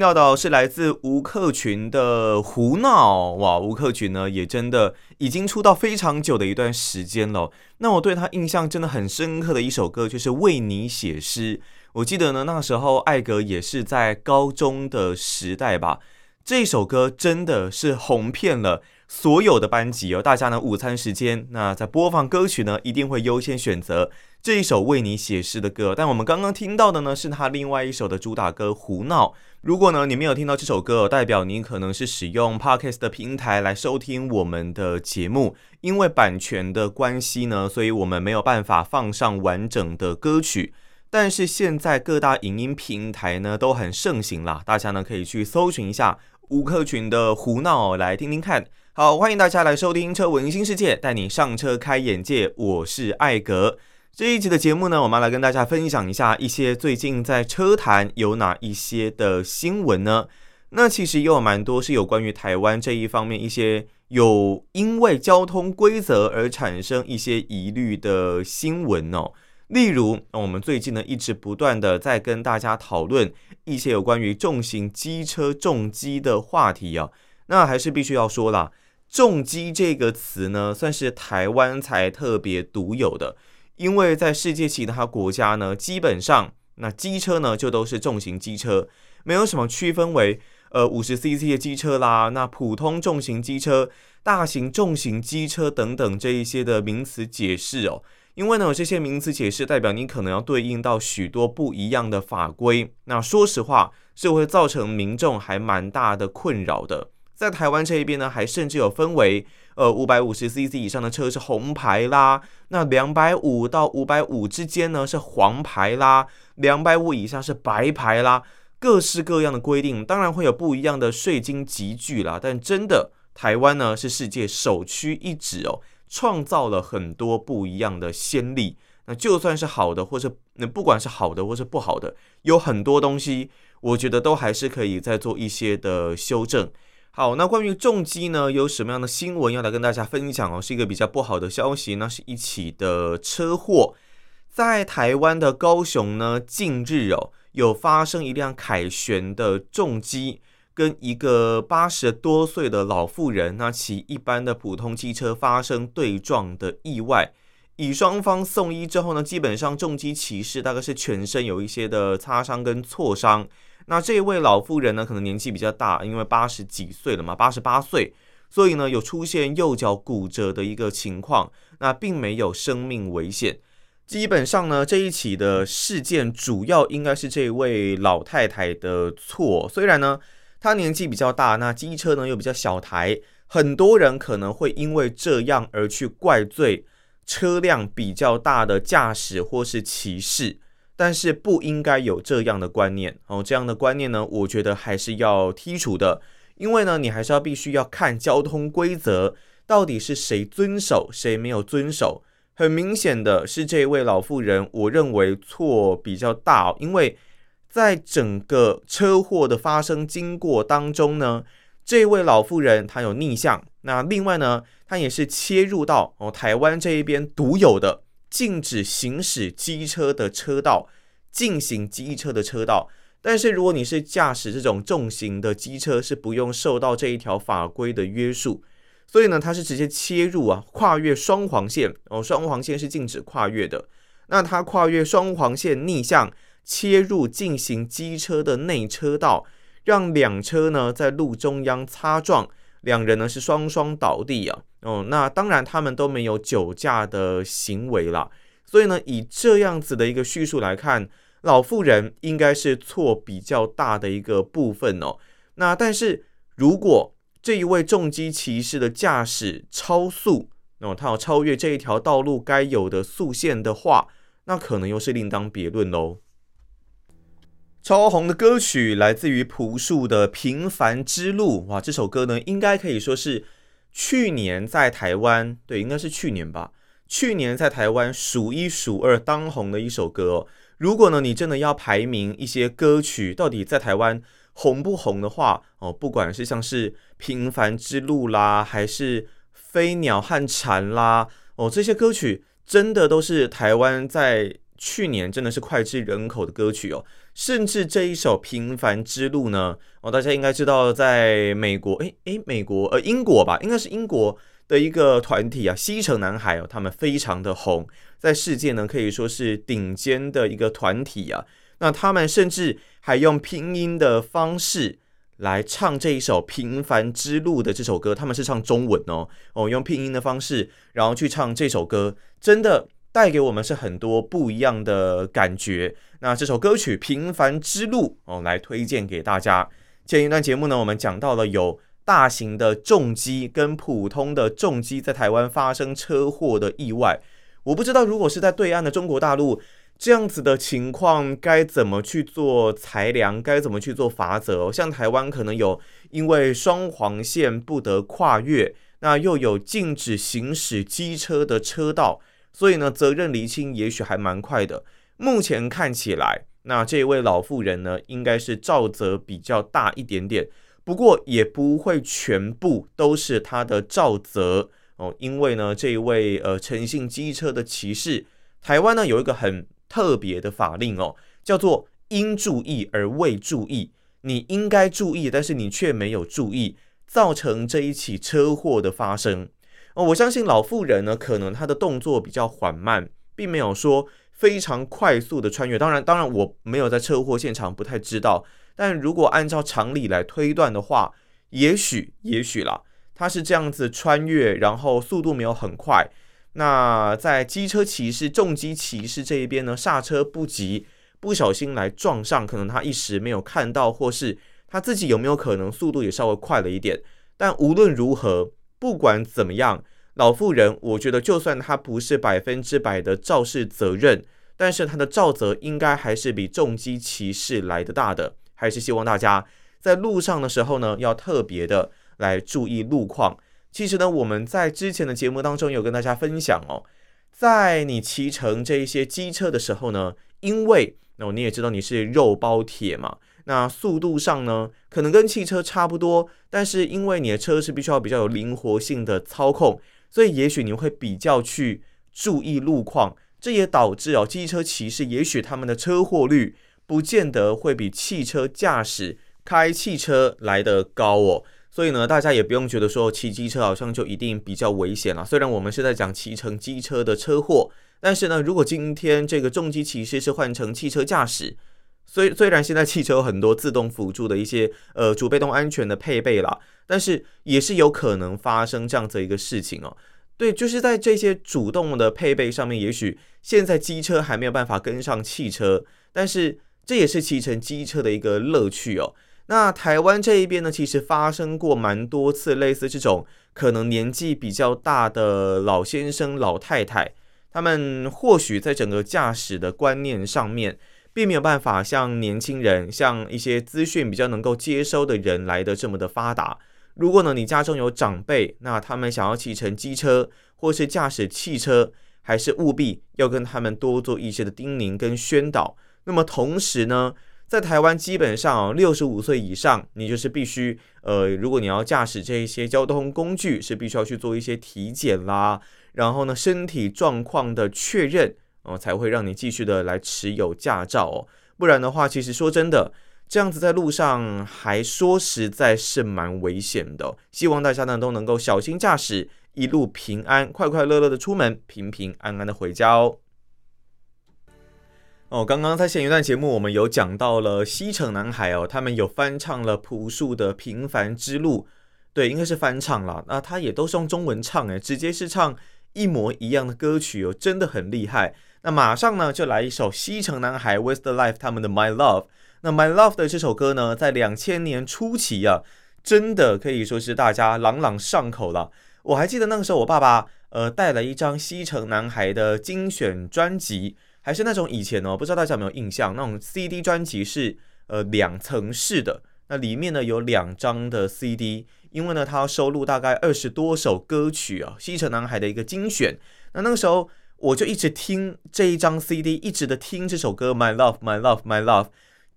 料到是來自吳克群的胡鬧。哇，吳克群呢也真的已經出道非常久的一段時間了。那我對他印象真的很深刻的一首歌就是《為你寫詩》。我記得呢那時候艾格也是在高中的時代吧，這首歌真的是紅遍了。所有的班級哦，大家呢午餐時間，那在播放歌曲呢，一定會優先選擇這一首為你寫詩的歌。但我們剛剛聽到的呢，是他另外一首的主打歌《胡鬧》。如果呢你沒有聽到這首歌，代表你可能是使用 Podcast 的平台來收聽我們的節目，因為版權的關係呢，所以我們沒有辦法放上完整的歌曲。但是現在各大影音平台呢都很盛行啦，大家呢可以去搜尋一下吳克群的《胡鬧》哦，來聽聽看。好，歡迎大家來收聽《車文新世界》，帶你上車開眼界。我是艾格。這一集的節目呢，我們來跟大家分享一下一些最近在車壇有哪一些的新聞呢？那其實也有蠻多是有關於台灣這一方面一些有因為交通規則而產生一些疑慮的新聞哦。例如，我們最近呢一直不斷的在跟大家討論一些有關於重型機車重機的話題啊、哦，那還是必須要說啦。重機這個詞呢，算是台灣才特別獨有的，因為在世界其他國家呢，基本上那機車呢就都是重型機車，沒有什麼區分為呃五十 cc 的機車啦，那普通重型機車、大型重型機車等等這一些的名詞解釋哦、喔，因為呢這些名詞解釋代表你可能要對應到許多不一樣的法規，那說實話是會造成民眾還蠻大的困擾的。在台灣這一邊呢，還甚至有分為，呃，五百五十 cc 以上的車是紅牌啦，那兩百五到五百五之間呢是黃牌啦，兩百五以上是白牌啦，各式各樣的規定，當然會有不一樣的稅金集聚啦。但真的，台灣呢是世界首屈一指哦，創造了很多不一樣的先例。那就算是好的，或是那不管是好的或是不好的，有很多東西，我覺得都還是可以再做一些的修正。好，那關於重機呢，有什麼樣的新聞要來跟大家分享哦？是一個比較不好的消息，那是一起的車禍，在台灣的高雄呢，近日哦，有發生一輛凱旋的重機跟一個八十多歲的老婦人，那騎一般的普通機車發生對撞的意外，以雙方送醫之後呢，基本上重機騎士大概是全身有一些的擦傷跟挫傷。那這位老婦人呢，可能年紀比較大，因為八十幾歲了嘛，八十八歲，所以呢有出現右腳骨折的一個情況，那並沒有生命危險。基本上呢，這一起的事件主要應該是這位老太太的錯。雖然呢她年紀比較大，那機車呢又比較小台，很多人可能會因為這樣而去怪罪車輛比較大的駕駛或是騎士。但是不應該有這樣的觀念哦，這樣的觀念呢，我覺得還是要剔除的，因為呢，你還是要必須要看交通規則到底是誰遵守，誰沒有遵守。很明顯的是，這位老婦人，我認為錯比較大哦，因為在整個車禍的發生經過當中呢，這位老婦人她有逆向，那另外呢，她也是切入到哦台灣這一邊獨有的。禁止行駛機車的車道，禁行機車的車道。但是如果你是駕駛這種重型的機車，是不用受到這一條法規的約束。所以呢，他是直接切入啊，跨越雙黃線哦，雙黃線是禁止跨越的。那他跨越雙黃線逆向切入禁行機車的內車道，讓兩車呢在路中央擦撞，兩人呢是雙雙倒地啊。哦，那當然他們都沒有酒駕的行為啦，所以呢，以這樣子的一個敘述來看，老婦人應該是錯比較大的一個部分哦。那但是，如果這一位重機騎士的駕駛超速，哦，他要超越這一條道路該有的速限的話，那可能又是另當別論嘍。超紅的歌曲來自於朴樹的《平凡之路》哇，這首歌呢，應該可以說是。去年在台灣，對，應該是去年吧。去年在台灣數一數二當紅的一首歌哦。如果呢，你真的要排名一些歌曲，到底在台灣紅不紅的話哦，不管是像是《平凡之路》啦，還是《飛鳥和蟬》啦，哦，這些歌曲真的都是台灣在。去年真的是膾炙人口的歌曲哦，甚至這一首《平凡之路》呢哦，大家應該知道，在美國誒誒、欸欸，美國呃英國吧，應該是英國的一個團體啊，西城男孩哦，他們非常的紅，在世界呢可以說是頂尖的一個團體啊。那他們甚至還用拼音的方式來唱這一首《平凡之路》的這首歌，他們是唱中文哦哦，用拼音的方式，然後去唱這首歌，真的。帶給我們是很多不一樣的感覺。那這首歌曲《平凡之路》哦，來推薦給大家。前一段節目呢，我們講到了有大型的重機跟普通的重機在台灣發生車禍的意外。我不知道如果是在對岸的中國大陸，這樣子的情況該怎麼去做裁量，該怎麼去做法則哦？像台灣可能有因為雙黃線不得跨越，那又有禁止行駛機車的車道。所以呢，責任釐清也許還蠻快的。目前看起來，那這位老婦人呢，應該是肇責比較大一點點，不過也不會全部都是她的肇責哦。因為呢，這一位呃誠信機車的騎士，台灣呢有一個很特別的法令哦，叫做應注意而未注意，你應該注意，但是你卻沒有注意，造成這一起車禍的發生。我相信老婦人呢，可能她的動作比較緩慢，並沒有說非常快速的穿越。當然，當然我沒有在車禍現場，不太知道。但如果按照常理來推斷的話，也許，也許啦，她是這樣子穿越，然後速度沒有很快。那在機車騎士、重機騎士這一邊呢，剎車不及，不小心來撞上，可能他一時沒有看到，或是他自己有沒有可能速度也稍微快了一點。但無論如何。不管怎麼樣，老婦人，我覺得就算她不是百分之百的肇事責任，但是她的肇責應該還是比重機騎士來得大的。還是希望大家在路上的時候呢，要特別的來注意路況。其實呢，我們在之前的節目當中有跟大家分享哦，在你騎乘這些機車的時候呢，因為那你也知道你是肉包鐵嘛。那速度上呢，可能跟汽車差不多，但是因為你的車是必須要比較有靈活性的操控，所以也許你會比較去注意路況，這也導致哦，機車騎士也許他們的車禍率不見得會比汽車駕駛開汽車來得高哦。所以呢，大家也不用覺得說騎機車好像就一定比較危險了。雖然我們是在講騎乘機車的車禍，但是呢，如果今天這個重機騎士是換成汽車駕駛，雖雖然現在汽車有很多自動輔助的一些呃主被動安全的配備啦，但是也是有可能發生這樣子一個事情喔。對，就是在這些主動的配備上面，也許現在機車還沒有辦法跟上汽車，但是這也是騎乘機車的一個樂趣喔。那台灣這一邊呢，其實發生過蠻多次類似這種可能年紀比較大的老先生、老太太，他們或許在整個駕駛的觀念上面。並沒有辦法像年輕人、像一些資訊比較能夠接收的人來的這麼的發達。如果呢，你家中有長輩，那他們想要騎乘機車或是駕駛汽車，還是務必要跟他們多做一些的叮嚀跟宣導。那麼同時呢，在台灣基本上、哦，六十五歲以上，你就是必須呃，如果你要駕駛這些交通工具，是必須要去做一些體檢啦，然後呢，身體狀況的確認。哦，才會讓你繼續的來持有駕照哦，不然的話，其實說真的，這樣子在路上還說實在是蠻危險的哦。希望大家呢，都能夠小心駕駛，一路平安，快快樂樂的出門，平平安安的回家哦。哦，剛剛在前一段節目我們有講到了西城男孩哦，他們有翻唱了朴樹的《平凡之路》，對，應該是翻唱了。那他也都是用中文唱哎，直接是唱。一模一樣的歌曲哦，真的很厲害。那馬上呢，就來一首西城男孩 Westlife 他們的 My Love。那 My Love 的這首歌呢，在兩千年初期啊，真的可以說是大家朗朗上口了。我還記得那個時候，我爸爸呃帶了一張西城男孩的精選專輯，還是那種以前哦，不知道大家有沒有印象，那種 CD 專輯是呃兩層式的，那裡面呢有兩張的 CD。因為呢，他要收錄大概二十多首歌曲啊，西城男孩的一個精選。那那個時候，我就一直聽這一張 CD，一直的聽這首歌 My Love My Love My Love，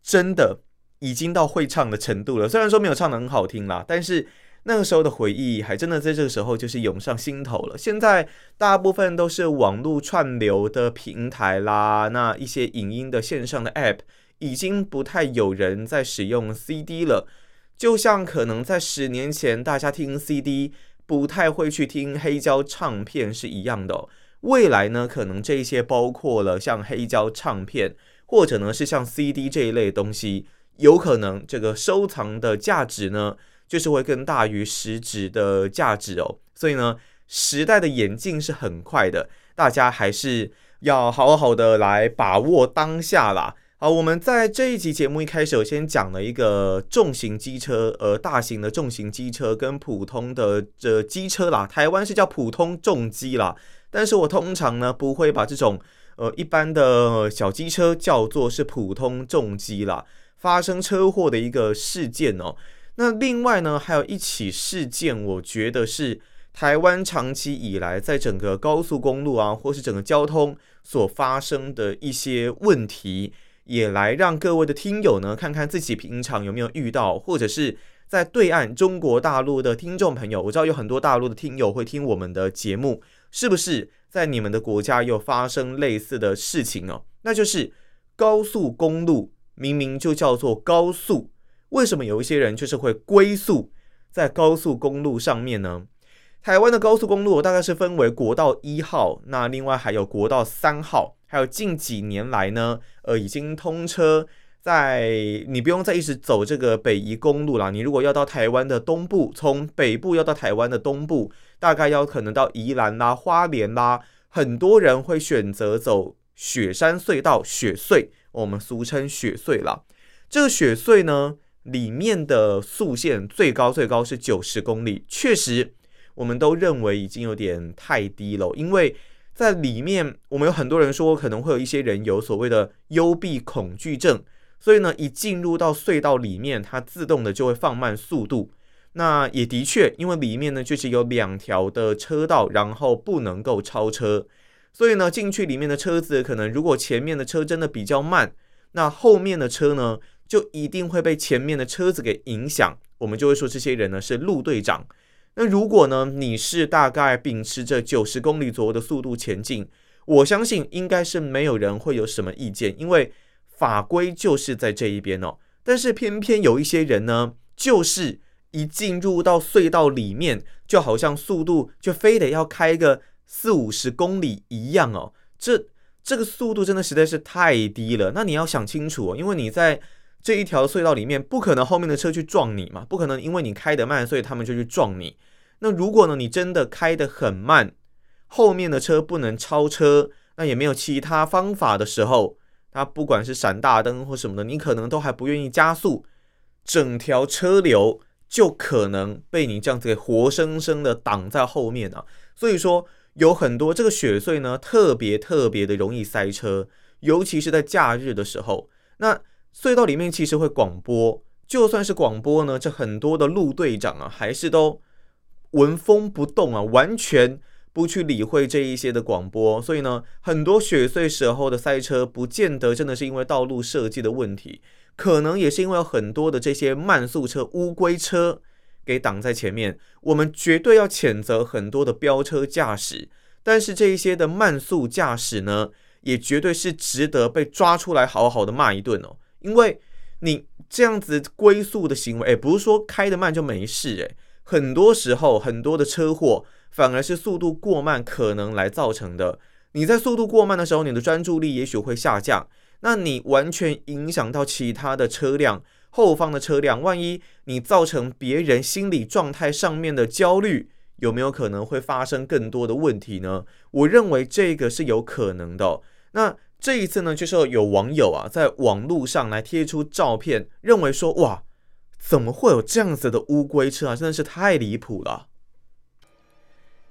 真的已經到會唱的程度了。雖然說沒有唱得很好聽啦，但是那個時候的回憶還真的在這個時候就是湧上心頭了。現在大部分都是網絡串流的平台啦，那一些影音的線上的 App 已經不太有人在使用 CD 了。就像可能在十年前，大家聽 CD 不太會去聽黑膠唱片是一樣的哦。未來呢，可能這一些包括了像黑膠唱片，或者呢是像 CD 這一類東西，有可能這個收藏的價值呢，就是會更大於實質的價值哦。所以呢，時代的演進是很快的，大家還是要好好的來把握當下啦。好，我們在這一集節目一開始我先講了一個重型機車，呃，大型的重型機車跟普通的呃，這機車啦，台灣是叫普通重機啦。但是我通常呢不會把這種呃一般的小機車叫做是普通重機啦。發生車禍的一個事件哦，那另外呢還有一起事件，我覺得是台灣長期以來在整個高速公路啊，或是整個交通所發生的一些問題。也來讓各位的聽友呢，看看自己平常有沒有遇到，或者是在對岸中國大陸的聽眾朋友，我知道有很多大陸的聽友會聽我們的節目，是不是在你們的國家又發生類似的事情呢、哦？那就是高速公路明明就叫做高速，為什麼有一些人就是會龜速在高速公路上面呢？台灣的高速公路大概是分為國道一號，那另外還有國道三號。還有近幾年來呢，呃，已經通車在，在你不用再一直走這個北宜公路啦。你如果要到台灣的東部，從北部要到台灣的東部，大概要可能到宜蘭啦、花蓮啦，很多人會選擇走雪山隧道雪隧，我們俗稱雪隧啦。這個雪隧呢，裡面的速限最高最高是九十公里，確實我們都認為已經有點太低了，因為在裡面，我們有很多人說可能會有一些人有所謂的幽閉恐懼症，所以呢，一進入到隧道裡面，它自動的就會放慢速度。那也的確，因為裡面呢就是有兩條的車道，然後不能夠超車，所以呢，進去裡面的車子可能如果前面的車真的比較慢，那後面的車呢就一定會被前面的車子給影響。我們就會說這些人呢是路隊長。那如果呢，你是大概秉持着九十公里左右的速度前進，我相信應該是沒有人會有什麼意見，因為法規就是在這一邊哦。但是偏偏有一些人呢，就是一進入到隧道裡面，就好像速度就非得要開個四五十公里一樣哦。這這個速度真的實在是太低了。那你要想清楚哦，因為你在。這一條隧道裡面不可能後面的車去撞你嘛，不可能因為你開得慢，所以他們就去撞你。那如果呢，你真的開得很慢，後面的車不能超車，那也沒有其他方法的時候，它，不管是閃大燈或什麼的，你可能都還不願意加速，整條車流就可能被你這樣子給活生生的擋在後面啊。所以說，有很多這個雪隧呢，特別特別的容易塞車，尤其是在假日的時候，那。隧道裡面其實會廣播，就算是廣播呢，這很多的路隊長啊，還是都紋風不動啊，完全不去理會這一些的廣播。所以呢，很多雪隧時候的塞車不見得真的是因為道路設計的問題，可能也是因為有很多的這些慢速車、烏龜車給擋在前面。我們絕對要譴責很多的飆車駕駛，但是這一些的慢速駕駛呢，也絕對是值得被抓出來好好的罵一頓哦。因為你這樣子龜速的行為，誒，不是說開得慢就沒事誒、欸，很多時候很多的車禍反而是速度過慢可能來造成的。你在速度過慢的時候，你的專注力也許會下降，那你完全影響到其他的車輛，後方的車輛。萬一你造成別人心理狀態上面的焦慮，有沒有可能會發生更多的問題呢？我認為這個是有可能的、哦。那。這一次呢，就是有網友啊在網絡上來貼出照片，認為說，哇，怎麼會有這樣子的烏龜車啊？真的是太離譜了。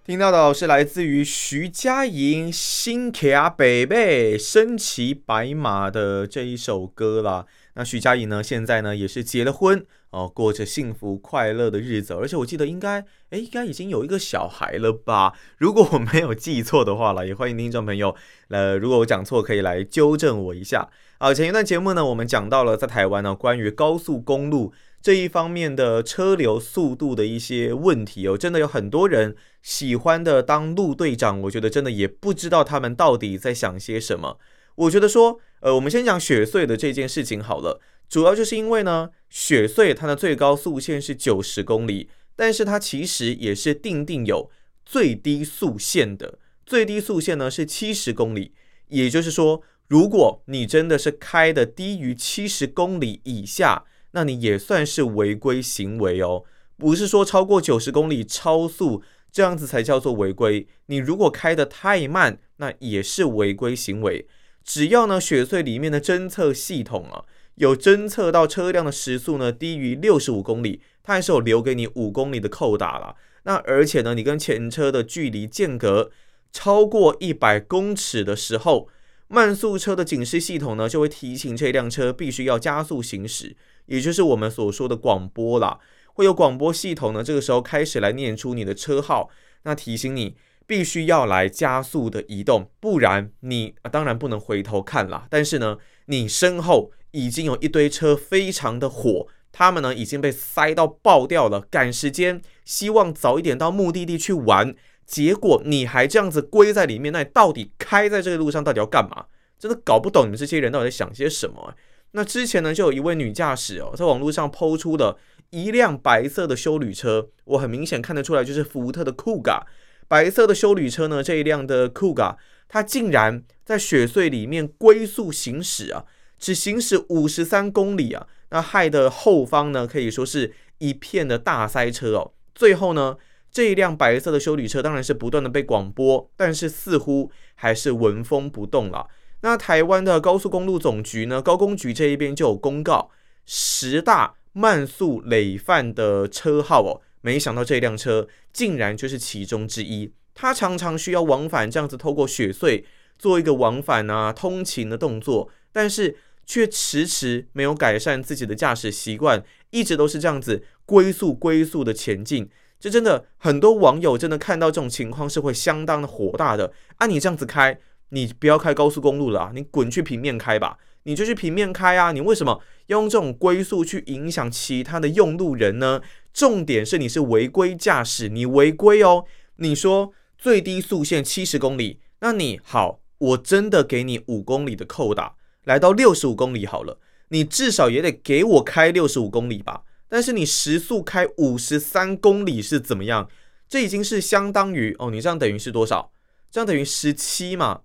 聽到的是來自於徐佳瑩《新卡 Baby》《身騎白馬》的這一首歌啦，那徐佳瑩呢，現在呢也是結了婚。哦，過着幸福快樂的日子，而且我記得應該，哎，應該已經有一個小孩了吧？如果我沒有記錯的話了，也歡迎聽眾朋友，呃，如果我講錯，可以來糾正我一下。好，前一段節目呢，我們講到了在台灣呢，關於高速公路這一方面的車流速度的一些問題哦，真的有很多人喜歡的當路隊長，我覺得真的也不知道他們到底在想些什麼。我覺得說，呃，我們先講雪隧的這件事情好了。主要就是因為呢，雪隧它的最高速限是九十公里，但是它其實也是定定有最低速限的，最低速限呢是七十公里。也就是說，如果你真的是開的低於七十公里以下，那你也算是違規行為哦。不是說超過九十公里超速這樣子才叫做違規，你如果開的太慢，那也是違規行為。只要呢，雪隧裡面的偵測系統啊。有偵測到車輛的時速呢低於六十五公里，它還是有留給你五公里的扣打了。那而且呢，你跟前車的距離間隔超過一百公尺的時候，慢速車的警示系統呢就會提醒這輛車必須要加速行駛，也就是我們所說的廣播啦，會有廣播系統呢，這個時候開始來念出你的車號，那提醒你必須要來加速的移動，不然你啊，當然不能回頭看啦。但是呢，你身後。已經有一堆車非常的火，他們呢已經被塞到爆掉了，趕時間，希望早一點到目的地去玩。結果你還這樣子龜在裡面，那你到底開在這個路上到底要幹嘛？真的搞不懂你們這些人到底在想些什麼欸。那之前呢，就有一位女駕駛哦，在網絡上 PO 出了一輛白色的休旅車，我很明顯看得出來就是福特的 Kuga。白色的休旅車呢，這一輛的 Kuga，它竟然在雪隧裡面龜速行駛啊！只行駛五十三公里啊，那害的後方呢，可以說是一片的大塞車哦。最後呢，這一輛白色的休旅車當然是不斷的被廣播，但是似乎還是聞風不動了。那台灣的高速公路總局呢，高公局這一邊就有公告十大慢速累犯的車號哦。沒想到這輛車竟然就是其中之一。它常常需要往返這樣子，透過雪隧做一個往返啊通勤的動作，但是。卻遲遲沒有改善自己的駕駛習慣，一直都是這樣子龜速龜速的前進。這真的很多網友真的看到這種情況是會相當的火大的。按、啊、你這樣子開，你不要開高速公路了啊，你滾去平面開吧，你就去平面開啊！你為什麼要用這種龜速去影響其他的用路人呢？重點是你是違規駕駛，你違規哦！你說最低速限七十公里，那你好，我真的給你五公里的扣打。來到六十五公里好了，你至少也得給我開六十五公里吧？但是你時速開五十三公里是怎麼樣？這已經是相當於哦，你這樣等於是多少？這樣等於十七嘛？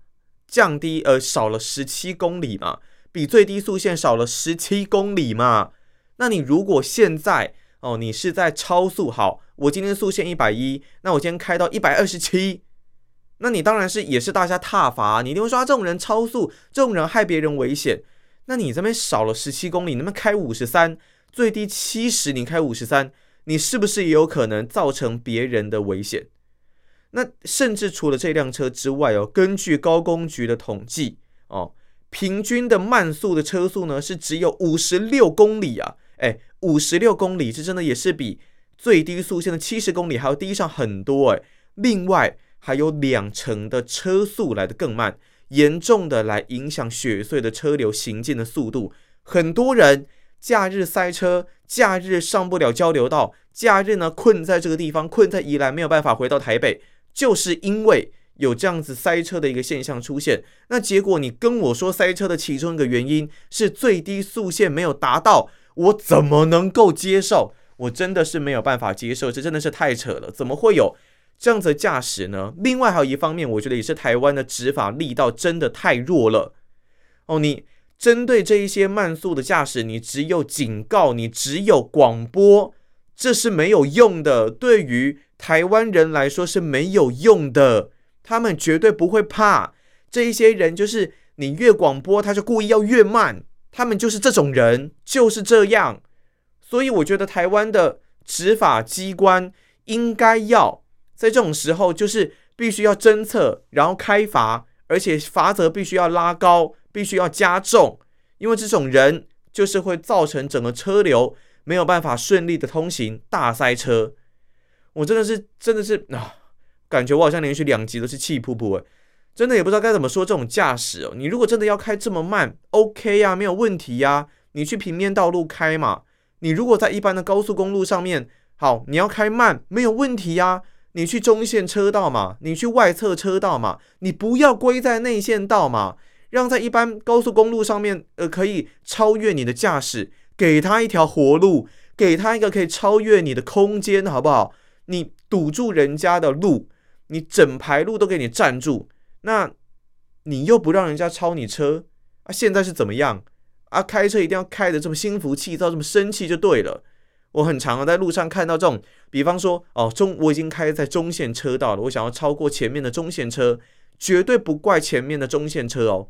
降低呃少了十七公里嘛？比最低速限少了十七公里嘛？那你如果現在哦，你是在超速好，我今天速限一百一，那我今天開到一百二十七。那你當然是也是大家撻伐、啊，你一定會說、啊、這種人超速，這種人害別人危險。那你這邊少了十七公里，那麼開五十三，最低七十，你開五十三，你是不是也有可能造成別人的危險？那甚至除了這輛車之外哦，根據高公局的統計哦，平均的慢速的車速呢是只有五十六公里啊，哎，五十六公里這真的也是比最低速限的七十公里還要低上很多哎、欸。另外。還有兩成的車速來得更慢，嚴重的來影響雪隧的車流行進的速度。很多人假日塞車，假日上不了交流道，假日呢困在這個地方，困在宜蘭沒有辦法回到台北，就是因為有這樣子塞車的一個現象出現。那結果你跟我說塞車的其中一個原因是最低速限沒有達到，我怎麼能夠接受？我真的是沒有辦法接受，這真的是太扯了，怎麼會有？這樣子的駕駛呢？另外還有一方面，我覺得也是台灣的執法力道真的太弱了。哦，你針對這一些慢速的駕駛，你只有警告，你只有廣播，這是沒有用的。對於台灣人來說是沒有用的，他們絕對不會怕這一些人。就是你越廣播，他就故意要越慢，他們就是這種人，就是這樣。所以我覺得台灣的執法機關應該要。在這種時候，就是必須要偵測，然後開罰，而且罰則必須要拉高，必須要加重，因為這種人就是會造成整個車流沒有辦法順利的通行，大塞車。我真的是，真的是啊，感覺我好像連續兩集都是氣噗噗哎，真的也不知道該怎麼說這種駕駛哦。你如果真的要開這麼慢，OK 呀，啊，沒有問題呀，啊。你去平面道路開嘛，你如果在一般的高速公路上面，好，你要開慢，沒有問題呀，啊。你去中線車道嘛，你去外側車道嘛，你不要歸在內線道嘛，讓在一般高速公路上面，呃，可以超越你的駕駛，給他一條活路，給他一個可以超越你的空間，好不好？你堵住人家的路，你整排路都給你占住，那你又不讓人家超你車啊？現在是怎麼樣啊？開車一定要開得這麼心浮氣躁，這麼生氣就對了。我很常啊，在路上看到這種，比方說哦，中我已經開在中線車道了，我想要超過前面的中線車，絕對不怪前面的中線車哦。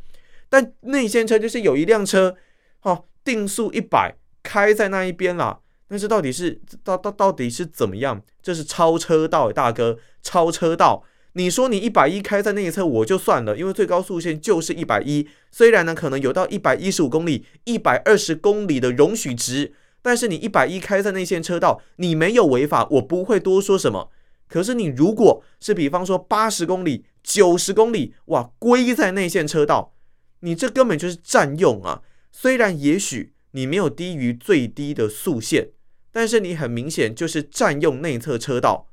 但內線車就是有一輛車，哦，定速一百開在那一邊啦，但是到底是到到到底是怎麼樣？這是超車道，欸，大哥，超車道，你說你一百一開在那一側我就算了，因為最高速限就是一百一，雖然呢可能有到一百一十五公里、一百二十公里的容許值。但是你一百一開在內線車道，你沒有違法，我不會多說什麼。可是你如果是比方說八十公里、九十公里，哇，龜在內線車道，你這根本就是占用啊！雖然也許你沒有低於最低的速限，但是你很明顯就是占用內側車道。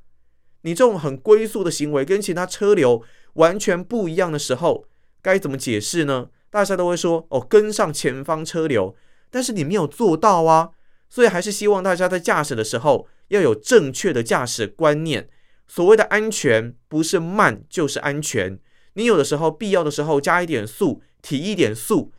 你這種很龜速的行為跟其他車流完全不一樣的時候，該怎麼解釋呢？大家都會說哦，跟上前方車流，但是你沒有做到啊。所以還是希望大家在駕駛的時候要有正確的駕駛觀念。所謂的安全，不是慢就是安全。你有的時候必要的時候加一點速，提一點速，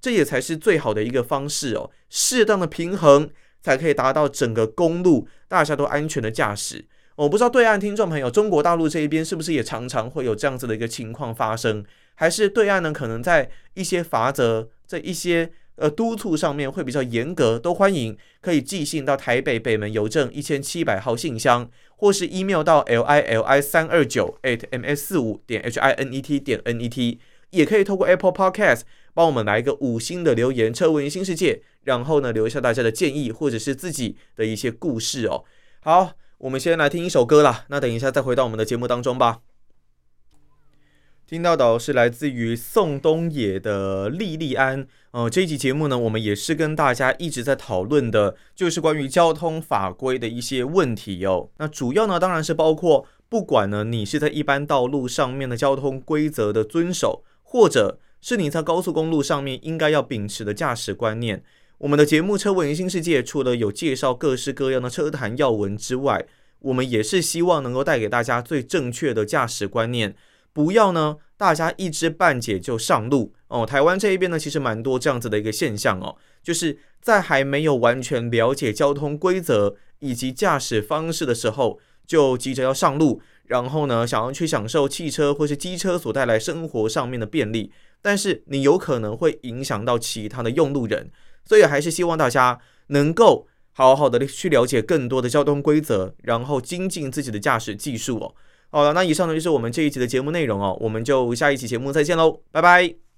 這也才是最好的一個方式哦。適當的平衡，才可以達到整個公路大家都安全的駕駛。我不知道對岸聽眾朋友，中國大陸這一邊是不是也常常會有這樣子的一個情況發生，還是對岸呢？可能在一些法則在一些。呃，督促上面會比較嚴格，都歡迎可以寄信到台北北門郵政一千七百號信箱，或是 email 到 l i l i 三二九 at m s 四五點 h i n e t 點 n e t，也可以透過 Apple Podcast 幫我們來一個五星的留言，車文新世界，然後呢，留下大家的建議或者是自己的一些故事哦。好，我們先來聽一首歌啦，那等一下再回到我們的節目當中吧。聽到的是來自於宋冬野的《莉莉安》。呃，這一期節目呢，我們也是跟大家一直在討論的，就是關於交通法規的一些問題喲、哦。那主要呢，當然是包括不管呢你是在一般道路上面的交通規則的遵守，或者是你在高速公路上面應該要秉持的駕駛觀念。我們的節目《車聞新世界》，除了有介紹各式各樣的車壇要聞之外，我們也是希望能夠帶給大家最正確的駕駛觀念。不要呢，大家一知半解就上路哦。台灣這一邊呢，其實蠻多這樣子的一個現象哦，就是在還沒有完全了解交通規則以及駕駛方式的時候，就急着要上路，然後呢，想要去享受汽車或是機車所帶來生活上面的便利，但是你有可能會影響到其他的用路人，所以還是希望大家能夠好好的去了解更多的交通規則，然後精進自己的駕駛技術哦。好了，哦，那以上呢就是我們這一集的節目內容哦，我們就下一期節目再見嘍，拜拜。